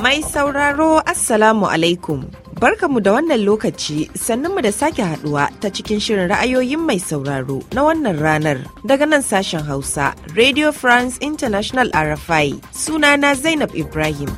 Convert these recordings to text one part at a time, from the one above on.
Mai sauraro Assalamu alaikum. barka mu da wannan lokaci mu da sake haduwa ta cikin shirin ra'ayoyin mai sauraro na wannan ranar daga nan sashen Hausa Radio France International RFI sunana Zainab Ibrahim.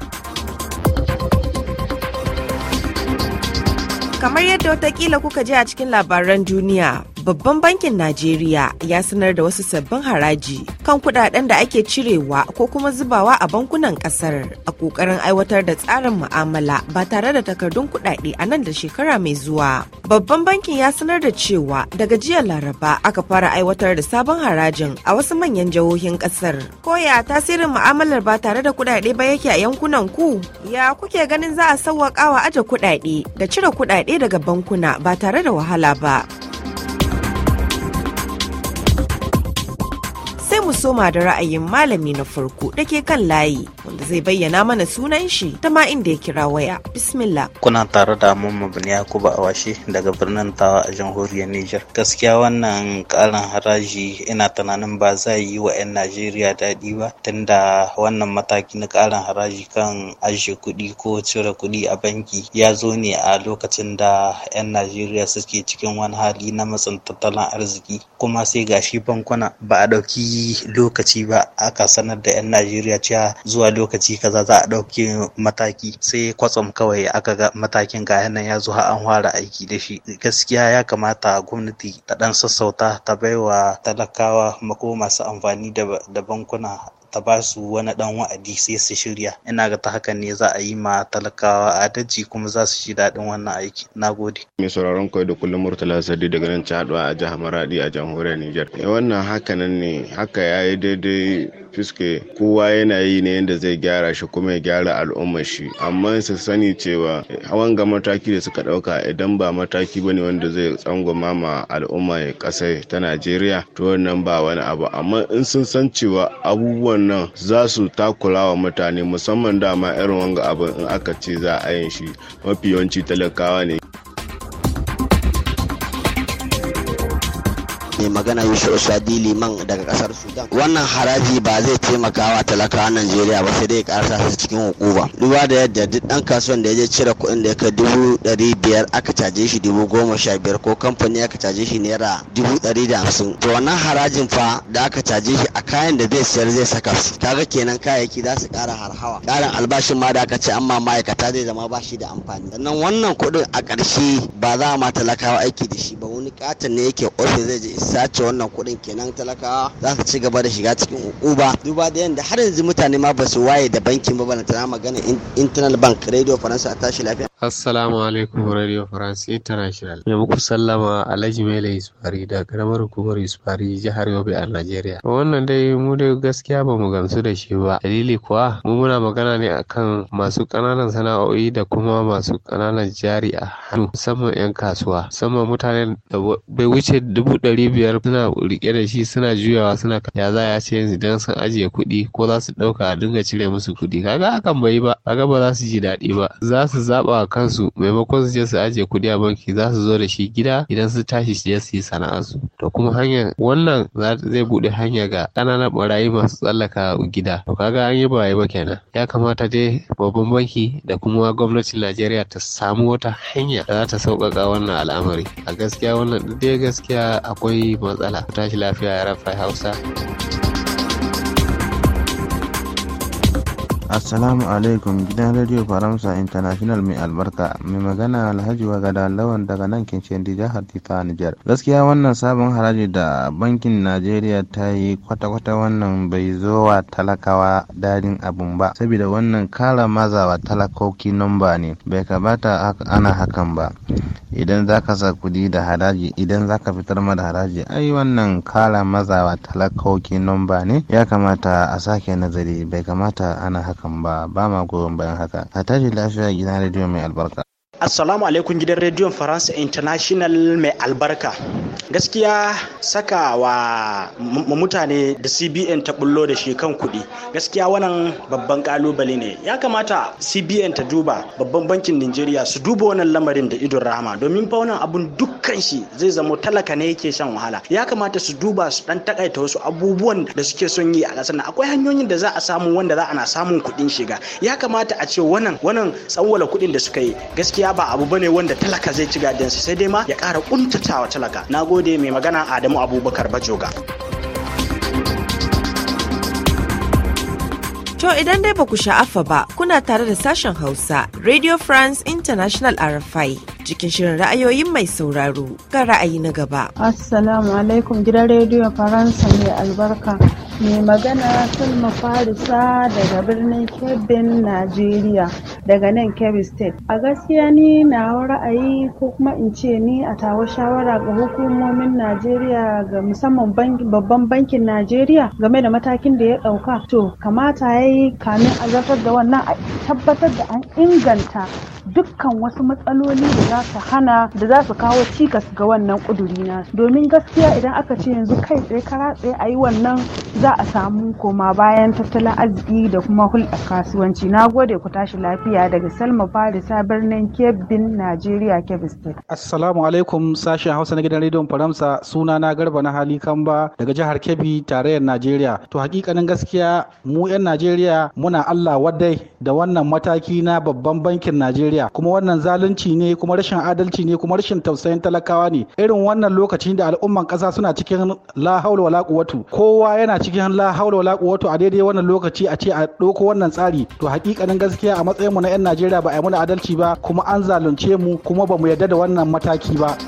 Kamar yadda watakila kuka je a cikin labaran duniya babban bankin Najeriya ya sanar da wasu sabbin haraji kan kudaden da ake cirewa ko kuma zubawa a bankunan kasar a kokarin aiwatar da tsarin mu'amala ba tare da takardun kudade a nan da shekara mai zuwa. Babban bankin ya sanar da cewa daga jiya Laraba aka fara aiwatar da sabon harajin a wasu manyan jihohin kasar. Koya tasirin mu'amalar ba tare da kudade ba yake a yankunan ku? Ya kuke ganin za a sauwaƙa wa aje kudade da cire kudade daga bankuna ba tare da wahala ba. mu soma da ra'ayin malami na farko da ke kan layi wanda zai bayyana mana sunan shi ta ma inda ya kira waya. Bismillah. Kuna tare da Muhammad bin Yakubu Awashi daga birnin Tawa a jamhuriyar Niger. Gaskiya wannan karin haraji ina tunanin ba zai yi wa 'yan Najeriya daɗi ba tunda wannan mataki na karin haraji kan ajiye kuɗi ko cire kuɗi a banki ya zo ne a lokacin da 'yan Najeriya suke cikin wani hali na matsin tattalin arziki kuma sai gashi bankuna ba a ɗauki lokaci ba aka sanar da 'yan najeriya cewa zuwa lokaci kaza za a ɗauki mataki sai kwatsam kawai aka ga matakin ga nan ya zo an fara aiki da shi gaskiya ya kamata gwamnati ta ɗan sassauta ta baiwa talakawa mako masu amfani da bankuna ta ba su wani dan wa'adi sai su shirya ina ga ta hakan ne za a yi ma talakawa adalci kuma za su ji daɗin wannan aiki na gode mai sauraron kai da kullum murtala sadi daga nan caɗuwa a jihar maradi a jamhuriyar niger eh, wannan hakanan ne haka ya yi daidai fiske kowa yana yi ne yadda zai gyara shi kuma ya gyara al'ummar shi amma su sani cewa hawan ga mataki da suka dauka idan ba mataki bane wanda zai tsangwama ma al'umma kasar ta najeriya to wannan ba wani abu amma in sun san cewa abubuwan nan za su takura wa mutane musamman dama irin wanga abin in aka ce za a yin shi mafi yawanci talakawa ne mai magana Yusuf shadi Liman daga kasar Sudan. Wannan haraji ba zai taimakawa talakawa Najeriya ba sai dai karasa su cikin hukuma. Duba da yadda duk dan kasuwan da ya je cire kuɗin da ya kai dubu ɗari biyar aka caje shi dubu goma sha biyar ko kamfani aka caje shi naira dubu ɗari da hamsin. To wannan harajin fa da aka caje shi a kayan da zai sayar zai saka su. Kaga kenan kayayyaki za su kara harhawa. Ƙarin albashin ma da aka ce amma ma'aikata zai zama ba shi da amfani. Sannan wannan kuɗin a ƙarshe ba za ma talakawa aiki da shi ba wani katon ne yake ofis zai je sace wannan kuɗin kenan talakawa za su ci gaba da shiga cikin uba duba da yanda har yanzu mutane ma ba su waye da bankin ba na magana internal bank radio faransa a tashi lafiya Assalamu alaikum Radio France International. Mai muku sallama Alhaji Mele Isfari da karamar hukumar Isfari jihar Yobe a Najeriya. Wannan dai mu dai gaskiya ba mu gamsu da shi ba. Dalili kuwa mu muna magana ne akan masu ƙananan sana'o'i da kuma masu ƙananan jari a hannu musamman 'yan kasuwa. Musamman mutane da bai wuce dubu ɗari biyar suna riƙe da shi suna juyawa suna ya za ya ce yanzu idan sun ajiye kuɗi ko za su ɗauka a dinga cire musu kuɗi. Kaga hakan bai yi ba. Kaga ba za su ji daɗi ba. Za su zaɓa kansu maimakon su je su ajiye kuɗi a banki za su zo da shi gida idan su tashi su je su yi sana'arsu to kuma hanyar wannan zai buɗe hanya ga ƙananan barayi masu tsallaka gida to kaga an yi baye ba kenan ya kamata dai babban banki da kuma gwamnatin najeriya ta samu wata hanya da za ta sauƙaƙa wannan al'amari a gaskiya wannan dai gaskiya akwai matsala tashi lafiya ya rafa hausa Assalamu alaikum gidan Radio Faransa International mai albarka mai magana Alhaji Wagada Lawan daga nan Kincin jihar Tifa Nijar. Gaskiya wannan sabon haraji da bankin Najeriya ta yi kwata-kwata wannan bai zo wa talakawa dadin abun ba saboda wannan kara mazawa talakoki namba ne bai kamata ana hakan ba. Idan za ka sa kudi da haraji idan za ka fitar ma da haraji ai wannan kara mazawa talakoki namba ne ya kamata a sake nazari bai kamata ana hakan kan ba, ba ma goyon bayan haka. a Attajir lafiya gina rediyo mai albarka. Assalamu alaikum gidan rediyon Faransa International mai albarka. Gaskiya saka wa mutane da CBN ta bullo da shi kan kuɗi. Gaskiya wannan babban kalubale ne. Ya kamata CBN ta duba babban bankin Najeriya su duba wannan lamarin da idon rahama domin fa wannan abun dukkan shi zai zama talaka ne yake shan wahala. Ya kamata su duba su dan takaita wasu abubuwan da suke son yi a ƙasar Akwai hanyoyin da za a samu wanda za ana samun kuɗin shiga. Ya kamata a ce wannan wannan tsawwala kuɗin da suka yi. Gaskiya gaskiya ba abu bane wanda talaka zai ci gadansa sai dai ma ya ƙara ƙuntatawa talaka na gode mai magana adamu abubakar bajoga To idan dai ba ku sha'afa ba kuna tare da sashen Hausa Radio France International RFI cikin shirin ra'ayoyin mai sauraro ga ra'ayi na gaba. Assalamu alaikum gidan Radio Faransa mai albarka. Mai magana sun Farisa daga birnin Kebbin, Najeriya, daga nan Kebbi State. A gaskiya ni na ra'ayi ko kuma in ce ni a tawa shawara ga hukumomin Najeriya ga musamman babban bankin Najeriya game da matakin da ya ɗauka. To, kamata ya yi kamin a zafar da wannan a tabbatar da an inganta dukkan wasu matsaloli da za su hana da za su kawo cikas ga wannan kuduri na domin gaskiya idan aka ce yanzu kai tsaye kara tsaye a yi wannan za a samu koma bayan tattalin arziki da kuma hulɗar kasuwanci na gode ku tashi lafiya daga salma farisa birnin kebbin najeriya kebbi state assalamu alaikum sashen hausa na gidan rediyon faransa suna na garba na hali kamba daga jihar kebbi tarayyar najeriya to hakikanin gaskiya mu 'yan najeriya muna allah wadai da wannan mataki na babban bankin najeriya Najeriya kuma wannan zalunci ne kuma rashin adalci ne kuma rashin tausayin talakawa ne irin wannan lokacin da al'umman kasa suna cikin la haula wala quwwatu kowa yana cikin la haula wala quwwatu a daidai wannan lokaci a ce a ɗauko wannan tsari to hakikanin gaskiya a matsayin mu na 'yan Najeriya ba a yi mana adalci ba kuma an zalunce mu kuma ba mu yarda da wannan mataki ba.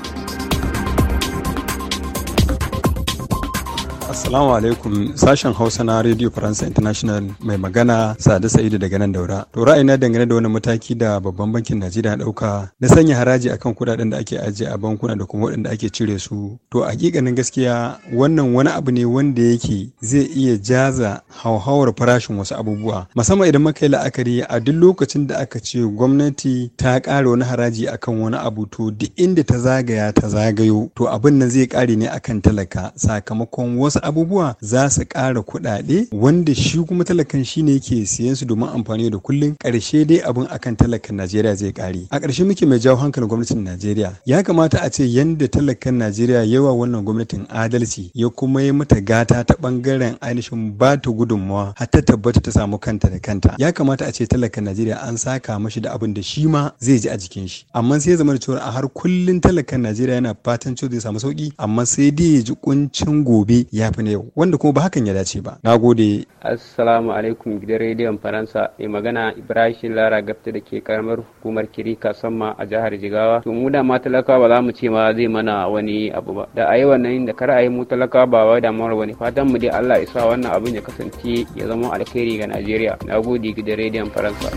Assalamu alaikum sashen Hausa na Radio France International mai magana Sadu Sa'idu daga nan daura. To ra'ayina dangane da wani mataki da babban bankin Najeriya ɗauka na sanya haraji akan kuɗaɗen da ake ajiye a bankuna da kuma waɗanda ake cire su. To hakikanin gaskiya wannan wani abu ne wanda yake zai iya jaza hauhawar farashin wasu abubuwa. Musamman idan muka yi la'akari a duk lokacin da aka ce gwamnati ta ƙara wani haraji akan wani abu to duk inda ta zagaya ta zagayo to abin nan zai ƙare ne akan talaka sakamakon wasu abubuwa za su ƙara kuɗaɗe wanda shi kuma talakan shi ne yake siyan su domin amfani da kullum ƙarshe dai abin akan talakan Najeriya zai ƙare. A ƙarshe muke mai jawo hankalin gwamnatin Najeriya. Ya kamata a ce yadda talakan Najeriya yawa wannan gwamnatin adalci ya kuma yi mata gata ta ɓangaren ainihin ba ta gudunmawa har ta tabbata ta samu kanta da kanta. Ya kamata a ce talakan Najeriya an saka mashi da abin da shi ma zai ji a jikin shi. Amma sai ya zama da cewa a har kullum talakan Najeriya yana fatan cewa zai samu sauki amma sai dai ya ji kuncin gobe ya yafi na yau wanda kuma ba hakan ya dace ba na gode assalamu alaikum gidan rediyon faransa mai magana ibrahim lara gafta da ke karamar hukumar kirika sama a jihar jigawa to mu da matalaka ba za mu ce ma zai mana wani abu ba da ayi wannan da kar ayi mu talaka ba wai wani fatan mu dai allah isa wannan abin ya kasance ya zama alkhairi ga najeriya na gode gidan rediyon faransa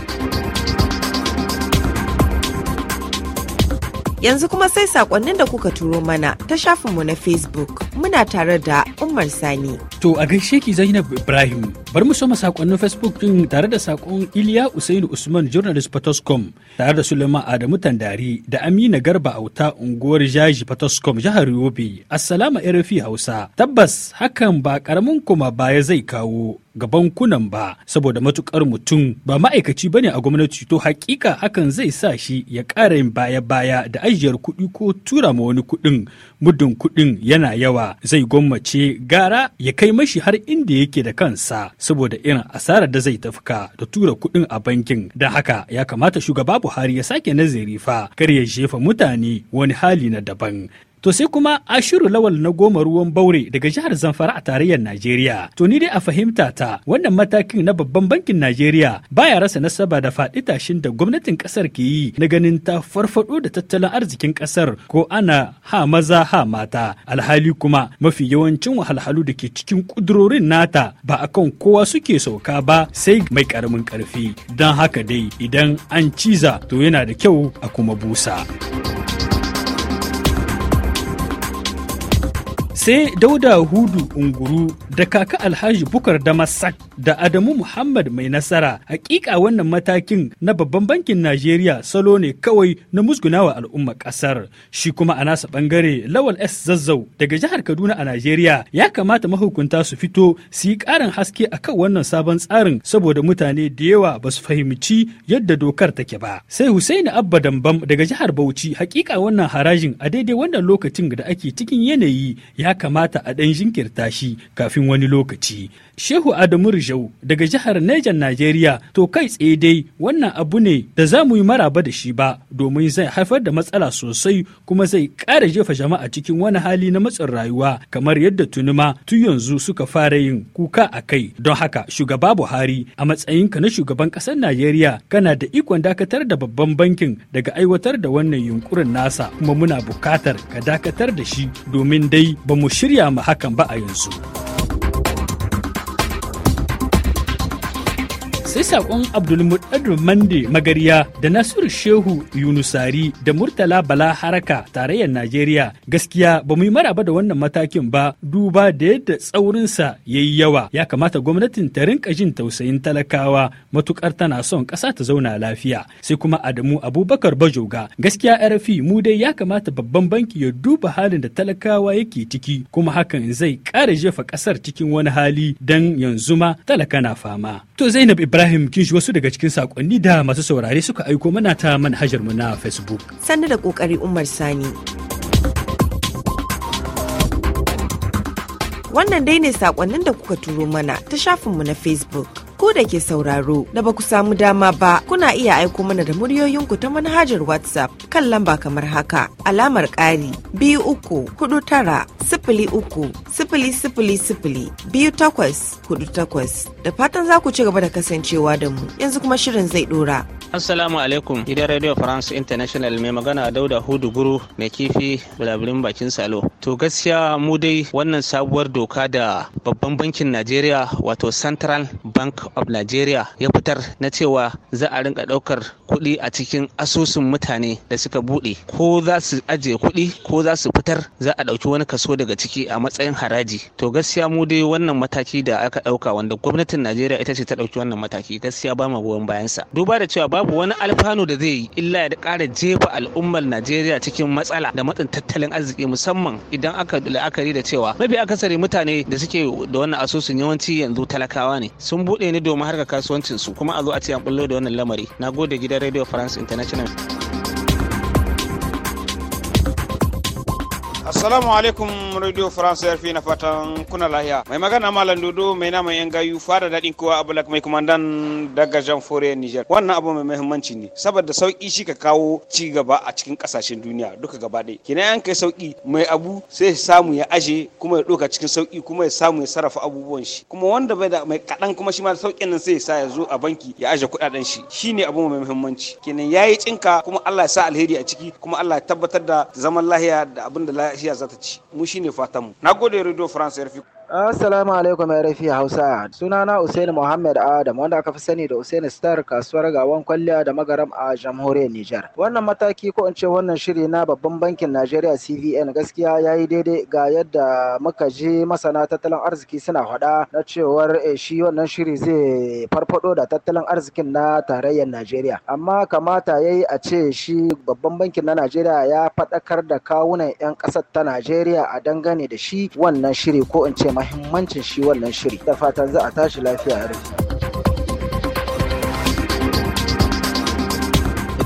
Yanzu kuma sai sakonnin da kuka turo mana ta shafinmu na Facebook muna tare da Umar Sani. To a gaishe ki Zainab Ibrahim bar mu soma sakonnin Facebook din tare da sakon Iliya Usainu Usman journalist Patoscom tare da Sulema Adamu Tandari da Amina Garba Auta unguwar Jaji Patoscom jihar Yobe. Assalamu RFI Hausa. Tabbas hakan ba karamin kuma baya zai kawo ga bankunan ba saboda matukar mutum ba ma'aikaci bane a gwamnati to hakika hakan zai sa shi ya ƙara yin baya-baya da ajiyar kuɗi ko tura ma wani kuɗin muddin kuɗin yana yawa zai gwammace gara ya kai mashi har inda yake da kansa saboda irin asarar da zai tafka da tura kuɗin a bankin da haka ya kamata shugaba buhari ya sake nazari fa kar ya jefa mutane wani hali na daban To sai kuma Ashiru Lawal na goma ruwan Baure daga jihar Zamfara a tarayyar Najeriya. To ni dai a fahimta ta wannan matakin na babban bankin Najeriya baya rasa nasaba da faɗi tashin da gwamnatin ƙasar ke yi na ganin ta farfaɗo da tattalin arzikin ƙasar ko ana ha maza ha mata. Alhali kuma mafi yawancin wahalhalu da ke cikin ƙudurorin nata ba a kan kowa suke sauka ba sai mai ƙaramin ƙarfi. Don haka dai idan an ciza to yana da kyau a kuma busa. sai dauda hudu unguru da kaka alhaji bukar damasak da adamu muhammad mai nasara hakika wannan matakin na babban bankin najeriya salo ne kawai na musgunawa al'umma kasar shi kuma a nasa bangare lawal s zazzau daga jihar kaduna a najeriya ya kamata mahukunta su fito su yi karin haske a kan wannan sabon tsarin saboda mutane da yawa ba su fahimci yadda dokar take ba sai husaini abba dambam daga jihar bauchi hakika wannan harajin a daidai wannan lokacin da ake cikin yanayi ya ya kamata a ɗan jinkirta shi kafin wani lokaci Shehu Adamu Rijau daga jihar Nejan Najeriya to kai tsaye dai wannan abu ne da za mu yi maraba da shi ba domin zai haifar da matsala sosai kuma zai ƙara jefa jama'a cikin wani hali na matsin rayuwa kamar yadda tuni tun yanzu suka fara yin kuka a kai don haka shugaba Buhari a matsayinka na shugaban ƙasar Najeriya kana da ikon dakatar da babban bankin daga aiwatar da wannan yunkurin nasa kuma muna bukatar ka dakatar da shi domin dai ba mu shirya ma hakan ba a yanzu. sai sakon abdulmuɗaɗu mande magariya da nasiru shehu yunusari da murtala bala haraka tarayyar najeriya gaskiya ba mu yi maraba da wannan matakin ba duba da yadda tsaurinsa ya yi yawa ya kamata gwamnatin ta rinka jin tausayin talakawa matukar tana son ƙasa ta zauna lafiya sai kuma adamu abubakar bajoga gaskiya rfi mu dai ya kamata babban banki ya duba halin da talakawa yake ciki kuma hakan zai ƙara jefa kasar cikin wani hali dan yanzu ma talaka na fama to zainab ibrahim Ibrahim kin shi wasu daga cikin sakonni da masu saurare suka aiko mana ta manhajar mu na Facebook. Sannu da kokari Umar Sani. Wannan dai ne sakonnin da kuka turo mana ta shafinmu na Facebook. ko da ke sauraro da ba ku samu dama ba kuna iya aiko mana da muryoyinku ta manhajar whatsapp kan lamba kamar haka alamar ƙari biyu uku hudu tara sifili uku sifili sifili sifili biyu takwas hudu takwas da fatan za ku ci gaba da kasancewa da mu yanzu kuma shirin zai dora. Assalamu alaikum gidan Radio France International mai magana Dauda Hudu Guru mai kifi bulaburin bakin salo. To gaskiya mu dai wannan sabuwar doka da babban bankin Najeriya wato Central Bank of Nigeria ya fitar na cewa za a rinka ɗaukar kuɗi a cikin asusun mutane da suka buɗe ko za su ajiye kuɗi ko za su fitar za a ɗauki wani kaso daga ciki a matsayin haraji. To gaskiya mu dai wannan mataki da aka ɗauka wanda gwamnatin Najeriya ita ce ta ɗauki wannan mataki gaskiya ba mu goyon bayansa. Duba da cewa babu wani alfanu da zai yi illa ya ƙara jefa al'ummar Najeriya cikin matsala da matsin tattalin arziki musamman idan aka la'akari da cewa mafi akasari mutane da suke da wannan asusun yawanci yanzu talakawa ne sun buɗe ne domin harkar kasuwancin su kuma a zo a ce an bullo da wannan lamari na gode gidan radio france international Assalamu alaikum Radio France RFI na fatan kuna lahiya. Mai magana Malam Dodo mai nama yan gayu fara daɗin kowa a Black mai kumandan daga Jean Fore Niger. Wannan abu mai muhimmanci ne saboda sauki shi ka kawo ci gaba a cikin kasashen duniya duka gaba ɗaya. Kina yan kai sauki mai abu sai ya samu ya aje kuma ya ɗoka cikin sauki kuma ya samu ya sarrafa abubuwan shi. Kuma wanda bai da mai kaɗan kuma shi ma sauƙin nan sai ya sa ya zo a banki ya aje kuɗaɗen shi. Shi ne abu mai muhimmanci. kinan ya yi tsinka kuma Allah ya sa alheri a ciki kuma Allah ya tabbatar da zaman lahiya da abin da nahiya za ta ci mu shine fatanmu na gode radio france rfi Assalamu alaikum ya rafi Hausa. Sunana Usain Muhammad Adam wanda aka fi sani da Usain Star kasuwar gawan kwalliya da magaram a jamhuriyar Nijar. Wannan mataki ko in ce wannan shiri na babban bankin Najeriya CVN gaskiya ya yi daidai ga yadda muka ji masana tattalin arziki suna faɗa na cewar eh, shi wannan shiri zai farfado da tattalin arzikin na tarayyar Najeriya. Amma kamata ya yi a ce shi babban bankin na Najeriya ya faɗakar da kawunan 'yan ƙasar ta Najeriya a dangane da shi wannan shiri ko in ce mahimmancin shi wannan shiri da fatan za a tashi lafiya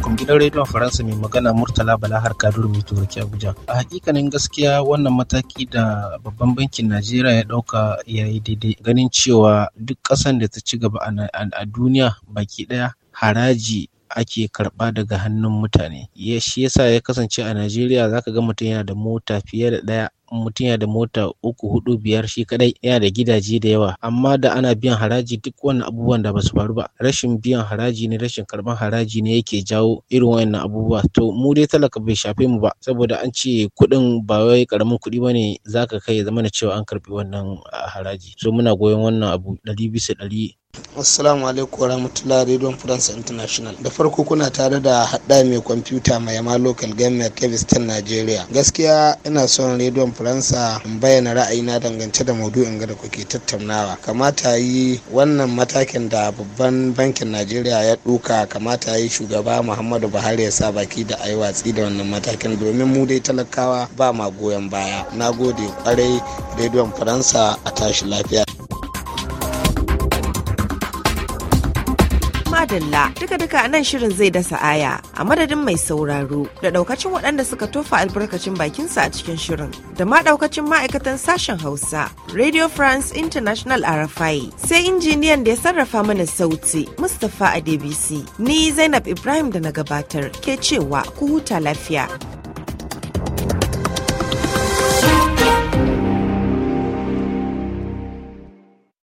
a gidan rediyon faransa mai magana murtala bala har kadur mai turki abuja a hakikanin gaskiya wannan mataki da babban bankin najeriya ya dauka ya yi daidai ganin cewa duk kasan da ta ci gaba a duniya baki daya haraji ake karɓa daga hannun mutane ya shi yasa ya kasance a najeriya zaka ga mutum yana da mota fiye da ɗaya mutum yana da mota uku hudu biyar shi kadai yana da gidaje da yawa amma da ana biyan haraji duk wannan abubuwan da basu faru ba rashin biyan haraji ne rashin karban haraji ne yake jawo irin wayannan abubuwa to mu dai talaka bai shafe mu ba saboda an ce kuɗin ba wai karamin kuɗi bane zaka kai ya zama cewa an karbi wannan ah, haraji so muna goyon wannan abu ɗari bisa ɗari assalamu alaikum warahmatullahi radio france international da farko kuna tare da hada mai kwamfuta mai yama local government kevistan nigeria gaskiya ina son radio faransa in bayyana ra'ayina dangance da maudu'in da kuke tattaunawa kamata yi wannan matakin da babban bankin nigeria ya duka kamata yi shugaba muhammadu buhari ya sa baki da ai watsi da wannan matakin domin mu dai talakawa ba ma goyon baya na gode kwarai radio faransa a tashi lafiya madalla duka-duka nan shirin zai dasa aya a madadin mai sauraro da daukacin waɗanda suka tofa albarkacin bakinsa a cikin shirin da ma daukacin ma'aikatan sashen hausa radio france international rfi sai injiniyan da ya sarrafa mana sauti mustapha adebisi ni zainab ibrahim da na gabatar ke cewa ku huta lafiya.